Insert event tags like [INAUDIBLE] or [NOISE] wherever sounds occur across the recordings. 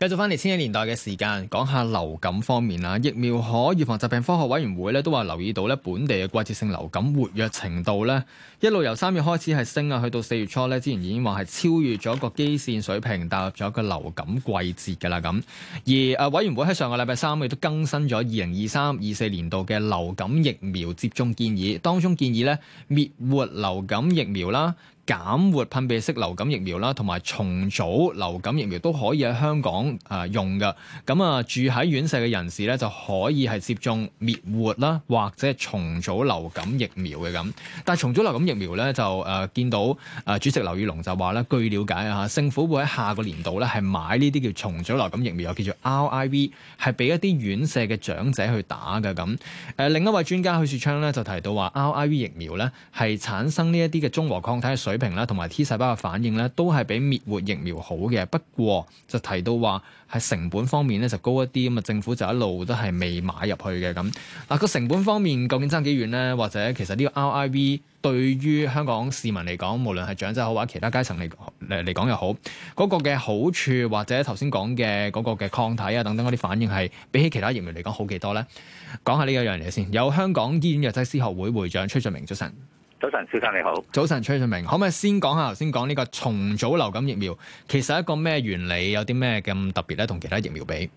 繼續翻嚟千禧年代嘅時間，講下流感方面啦。疫苗可預防疾病科學委員會咧都話留意到咧本地嘅季節性流感活躍程度咧，一路由三月開始係升啊，去到四月初咧，之前已經話係超越咗一個基線水平，踏入咗個流感季節噶啦咁。而誒，委員會喺上個禮拜三亦都更新咗二零二三、二四年度嘅流感疫苗接種建議，當中建議咧滅活流感疫苗啦。減活噴鼻式流感疫苗啦，同埋重組流感疫苗都可以喺香港啊用嘅。咁啊，住喺院舍嘅人士咧就可以係接種滅活啦，或者係重組流感疫苗嘅咁。但係重組流感疫苗咧就誒見到誒主席劉宇龍就話咧，據了解啊，政府會喺下個年度咧係買呢啲叫重組流感疫苗，又叫做 RIV，係俾一啲院舍嘅長者去打嘅咁。誒、呃、另一位專家許樹昌咧就提到話，RIV 疫苗咧係產生呢一啲嘅中和抗體嘅水平啦，同埋 T 細胞嘅反應咧，都係比滅活疫苗好嘅。不過就提到話，喺成本方面咧就高一啲咁啊。政府就一路都係未買入去嘅咁。嗱，個成本方面究竟爭幾遠咧？或者其實呢個 RIV 對於香港市民嚟講，無論係長者好，或者其他階層嚟嚟嚟講又好，嗰個嘅好處或者頭先講嘅嗰個嘅抗體啊等等嗰啲反應係比起其他疫苗嚟講好幾多咧？講下呢個樣嘢先。有香港醫院藥劑師學會會,會長崔俊明早晨。早晨，先生你好。早晨，崔俊明，可唔可以先講下頭先講呢個重組流感疫苗，其實一個咩原理，有啲咩咁特別咧，同其他疫苗比？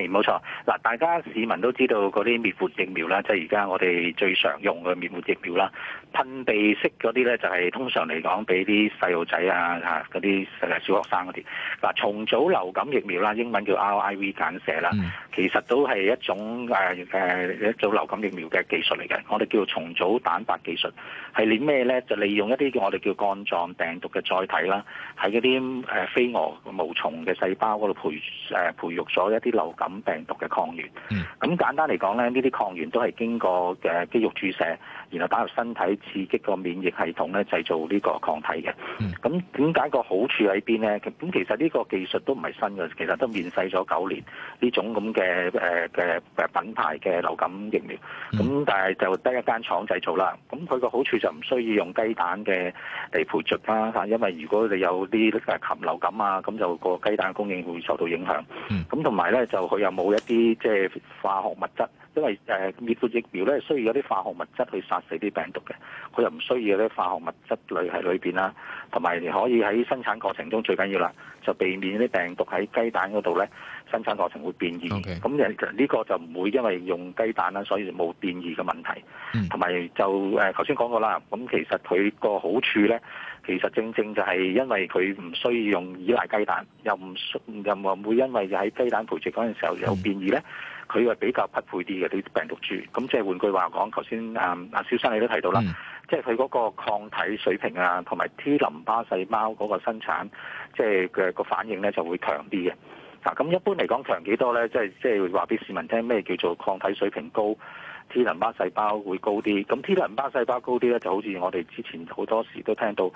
係冇錯，嗱，大家市民都知道嗰啲滅活疫苗啦，即係而家我哋最常用嘅滅活疫苗啦。噴鼻式嗰啲咧，就係通常嚟講俾啲細路仔啊，嗰啲誒小學生嗰啲。嗱，重組流感疫苗啦，英文叫 RIV 簡寫啦，其實都係一種誒誒一種流感疫苗嘅技術嚟嘅。我哋叫做重組蛋白技術，係利用咩咧？就利用一啲叫我哋叫桿狀病毒嘅載體啦，喺嗰啲誒飛蛾毛蟲嘅細胞嗰度培誒培育咗一啲流感。咁病毒嘅抗原，咁、嗯、簡單嚟講咧，呢啲抗原都係經過嘅肌肉注射，然後打入身體刺激個免疫系統咧，製造呢個抗體嘅。咁點解個好處喺邊呢？咁其實呢個技術都唔係新嘅，其實都面世咗九年呢種咁嘅誒嘅品牌嘅流感疫苗。咁、嗯、但係就得一間廠製造啦。咁佢個好處就唔需要用雞蛋嘅嚟培植啦，因為如果你有啲禽流感啊，咁就個雞蛋供應會受到影響。咁同埋咧就。佢又冇一啲即係化學物質。因為誒、呃、滅活疫苗咧，需要有啲化學物質去殺死啲病毒嘅，佢又唔需要有啲化學物質類喺裏邊啦，同埋你可以喺生產過程中最緊要啦，就避免啲病毒喺雞蛋嗰度咧生產過程會變異。咁呢 Okay. 個就唔會因為用雞蛋啦，所以冇變異嘅問題。同埋、嗯、就誒頭先講過啦，咁其實佢個好處咧，其實正正就係因為佢唔需要用依賴雞蛋，又唔又唔會因為喺雞蛋培植嗰陣時候有變異咧。嗯佢係比較匹配啲嘅啲病毒株，咁即係換句話講，頭先啊啊，小生你都提到啦， [NOISE] 即係佢嗰個抗體水平啊，同埋 T 淋巴細胞嗰個生產，即係嘅個反應咧就會強啲嘅。嗱，咁一般嚟講強幾多咧？即係即係話俾市民聽咩叫做抗體水平高 [NOISE] ，T 淋巴細胞會高啲。咁 T 淋巴細胞高啲咧，就好似我哋之前好多時都聽到，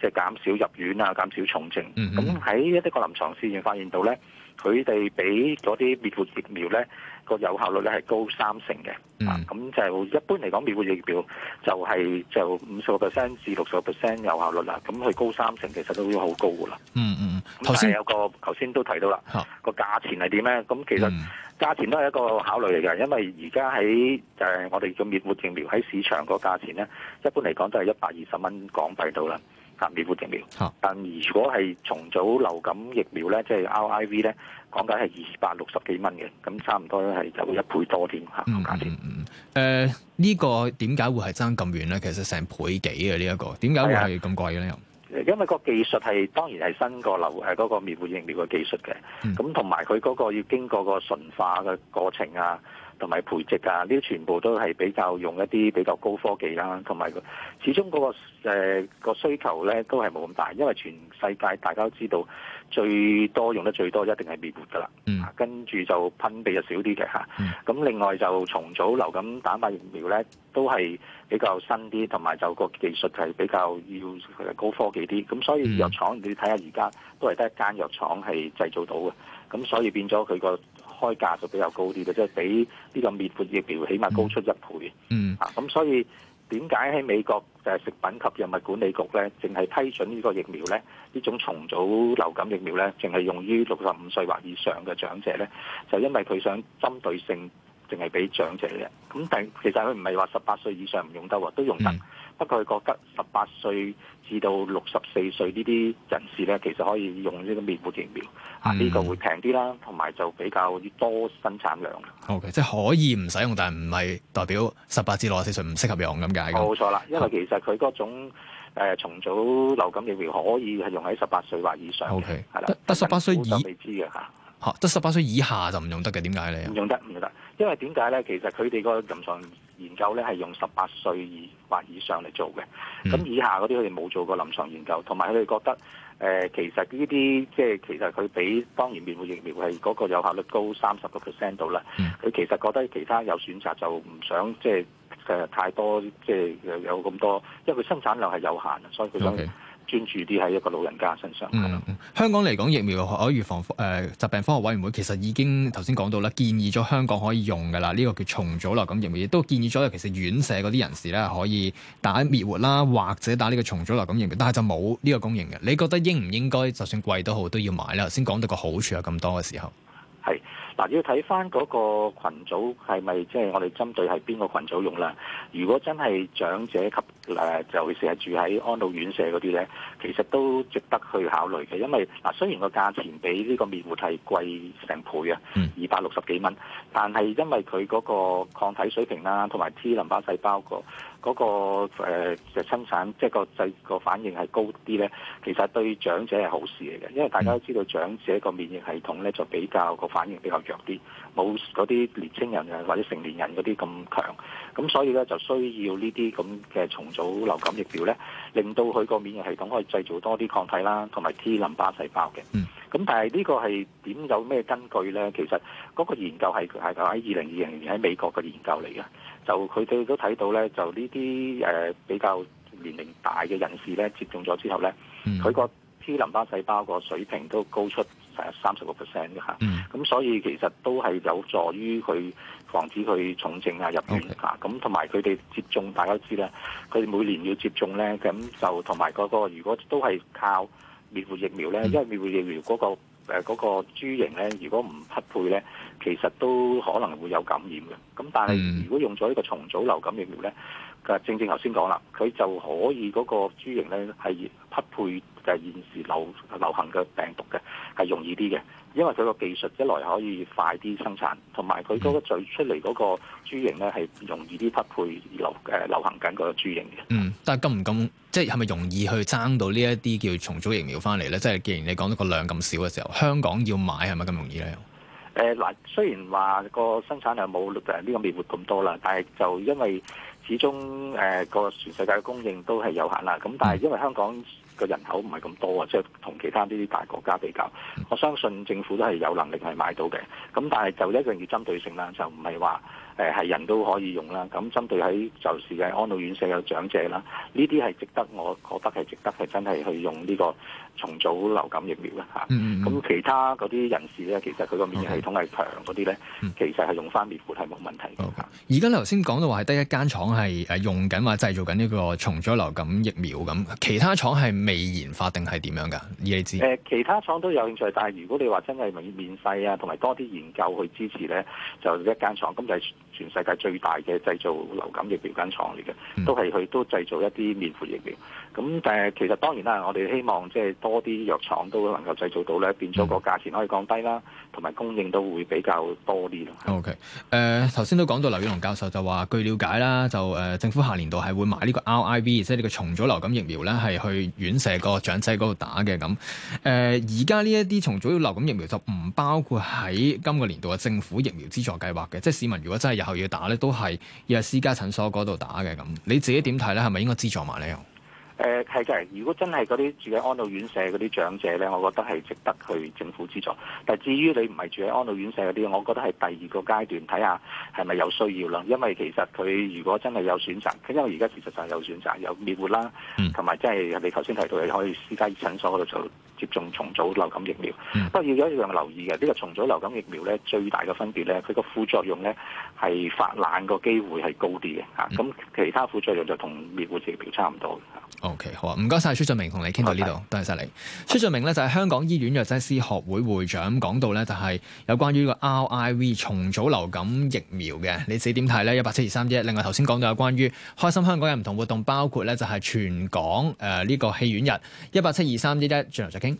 即係減少入院啊，減少重症。咁喺 [NOISE] 一啲個臨床試驗發現到咧。佢哋比嗰啲滅活疫苗咧，個有效率咧係高三成嘅，嗯、啊咁就一般嚟講滅活疫苗就係、是、就五十個 percent 至六十個 percent 有效率啦，咁佢高三成其實都好高噶啦、嗯。嗯嗯，頭先有個頭先都提到啦，哦、個價錢係點咧？咁其實價錢都係一個考慮嚟嘅，因為而家喺誒我哋叫滅活疫苗喺市場個價錢咧，一般嚟講都係一百二十蚊港幣度啦。啊！滅活疫苗，但如果係重組流感疫苗呢，即係 RIV 呢，講緊係二百六十幾蚊嘅，咁差唔多咧係有一倍多添嚇。嗯嗯嗯，呢、呃呢個點解會係爭咁遠呢？其實成倍幾嘅呢一個，點解會係咁貴呢？因為個技術係當然係新個流，係、誒、嗰個滅活疫苗嘅技術嘅，咁同埋佢嗰個要經過個純化嘅過程啊。同埋培植啊，呢啲全部都係比較用一啲比較高科技啦、啊，同埋佢始終嗰、嗰個誒、呃嗰個、需求咧都係冇咁大，因為全世界大家都知道最多用得最多一定係滅活噶啦，嗯、mm. 啊，跟住就噴鼻就少啲嘅嚇，咁、啊、另外就重組流感蛋白疫苗咧都係比較新啲，同埋就個技術係比較要高科技啲，咁所以藥廠你睇下而家都係得一間藥廠係製造到嘅，咁所以變咗佢個。開價就比較高啲嘅，即係比呢個滅活疫苗起碼高出一倍。嗯，啊，咁所以點解喺美國就係食品及藥物管理局咧，淨係批准呢個疫苗咧，呢種重組流感疫苗咧，淨係用於六十五歲或以上嘅長者咧，就因為佢想針對性，淨係俾長者嘅。咁但其實佢唔係話十八歲以上唔用得喎，都用得。嗯。不過佢覺得十八歲至到六十四歲呢啲人士咧，其實可以用呢個面部疫苗，嗯、啊呢、呢個會平啲啦，同埋就比較多生產量。OK，即係可以唔使用，用，但係唔係代表十八至六十四歲唔適合用咁解嘅。冇錯啦，因為其實佢嗰種、呃、重組流感疫苗可以係用喺十八歲或以上。O K. 係啦，得十八歲以，知嘅嚇。得十八歲以下就唔用得嘅，點解嚟？唔用得，唔用得，因為點解咧？其實佢哋個臨床。有咧係用十八歲以或以上嚟做嘅，咁以下嗰啲佢哋冇做過臨床研究，同埋佢哋覺得誒其實呢啲即係其實佢比當然滅活疫苗係嗰個有效率高三十個 percent 到啦。佢 [NOISE] 其實覺得其他有選擇就唔想即係誒太多即係，就是，有咁多，因為佢生產量係有限所以佢想。Okay. 專注啲喺一個老人家身上。嗯，香港嚟講，疫苗可預防誒、呃、疾病科學委員會其實已經頭先講到啦，建議咗香港可以用嘅啦，呢、這個叫重組流感疫苗，亦都建議咗其實院舍嗰啲人士咧可以打滅活啦，或者打呢個重組流感疫苗，但係就冇呢個供應嘅。你覺得應唔應該就算貴都好都要買咧？頭先講到個好處有咁多嘅時候。嗱，要睇翻嗰個羣組係咪即係我哋針對係邊個群組用啦？如果真係長者及誒，尤其是係住喺安老院舍嗰啲咧，其實都值得去考慮嘅。因為嗱，雖然個價錢比呢個滅活係貴成倍啊，嗯、二百六十幾蚊，但係因為佢嗰個抗體水平啦，同埋 T 淋巴細胞個。嗰個誒嘅生產即係個製個反應係高啲咧，其實對長者係好事嚟嘅，因為大家都知道長者個免疫系統咧就比較個反應比較弱啲，冇嗰啲年青人啊或者成年人嗰啲咁強，咁所以咧就需要呢啲咁嘅重組流感疫苗咧，令到佢個免疫系統可以製造多啲抗體啦，同埋 T 淋巴細胞嘅。嗯。咁但係呢個係點有咩根據咧？其實嗰個研究係係喺二零二零年喺美國嘅研究嚟嘅，就佢哋都睇到咧，就呢啲啲誒比較年齡大嘅人士咧，接種咗之後咧，佢個 T 淋巴細胞個水平都高出成三十個 percent 嘅嚇，咁、嗯嗯、所以其實都係有助於佢防止佢重症啊入院嚇，咁同埋佢哋接種，大家都知啦，佢哋每年要接種咧，咁就同埋嗰個如果都係靠滅活疫苗咧，嗯、因為滅活疫苗嗰、那個。誒嗰個株型咧，如果唔匹配咧，其實都可能會有感染嘅。咁但係如果用咗呢個重組流感疫苗咧，佢正正頭先講啦，佢就可以嗰個株型咧係匹配。就現時流流行嘅病毒嘅係容易啲嘅，因為佢個技術一來可以快啲生產，同埋佢嗰個製出嚟嗰個株型咧係容易啲匹配流誒流行緊個株型嘅。嗯，但係咁唔咁即係係咪容易去爭到呢一啲叫重組疫苗翻嚟咧？即係既然你講到個量咁少嘅時候，香港要買係咪咁容易咧？誒嗱、呃，雖然話個生產量冇誒呢個滅活咁多啦，但係就因為始終誒個、呃、全世界嘅供應都係有限啦。咁但係因為香港。個人口唔係咁多啊，即係同其他呢啲大國家比較，我相信政府都係有能力係買到嘅。咁但係就一定要針對性啦，就唔係話。誒係人都可以用啦，咁針對喺就係嘅安老院舍有長者啦，呢啲係值得，我覺得係值得係真係去用呢個重組流感疫苗啦嚇。咁其他嗰啲人士咧，其實佢個免疫系統係強嗰啲咧，嗯、其實係用翻滅活係冇問題嘅。而家、嗯 okay. 你頭先講到話係得一間廠係誒用緊話製造緊呢個重組流感疫苗咁，其他廠係未研發定係點樣㗎？依你知？誒、呃、其他廠都有興趣，但係如果你話真係面面世啊，同埋多啲研究去支持咧，就一間廠咁就係、是。全世界最大嘅製造流感疫苗間廠嚟嘅，都係佢都製造一啲面闊疫苗。咁但係其實當然啦，我哋希望即係多啲藥廠都能夠製造到咧，變咗個價錢可以降低啦，同埋供應都會比較多啲咯。O K. 誒頭先都講到劉宇龍教授就話，據了解啦，就誒、呃、政府下年度係會買呢個 R I V，即係呢個重組流感疫苗咧，係去院舍個長者嗰度打嘅咁。誒而家呢一啲重組流感疫苗就唔包括喺今個年度嘅政府疫苗資助計劃嘅，即係市民如果真係有。後要打咧都係要喺私家診所嗰度打嘅咁，你自己點睇咧？係咪應該資助埋咧？誒係嘅，如果真係嗰啲住喺安老院舍嗰啲長者咧，我覺得係值得去政府資助。但係至於你唔係住喺安老院舍嗰啲，我覺得係第二個階段睇下係咪有需要啦。因為其實佢如果真係有選擇，因為而家事實上有選擇，有滅活啦，同埋即係你頭先提到係可以私家診所嗰度就接種重組流感疫苗。嗯、不過要有一樣要留意嘅，呢、呢個重組流感疫苗咧最大嘅分別咧，佢個副作用咧係發冷個機會係高啲嘅嚇。咁、啊啊、其他副作用就同滅活疫苗差唔多嚇。啊。O、okay, K，好啊，唔該晒，崔俊明同你傾到呢度，多謝晒你。崔俊明咧就係香港醫院藥劑師學會會長，咁講到咧就係有關於呢個 R I V 重組流感疫苗嘅，你自己點睇咧？一百七二三一。另外頭先講到有關於開心香港嘅唔同活動，包括咧就係全港誒呢、呃這個戲院日，一百七二三一一。轉頭再傾。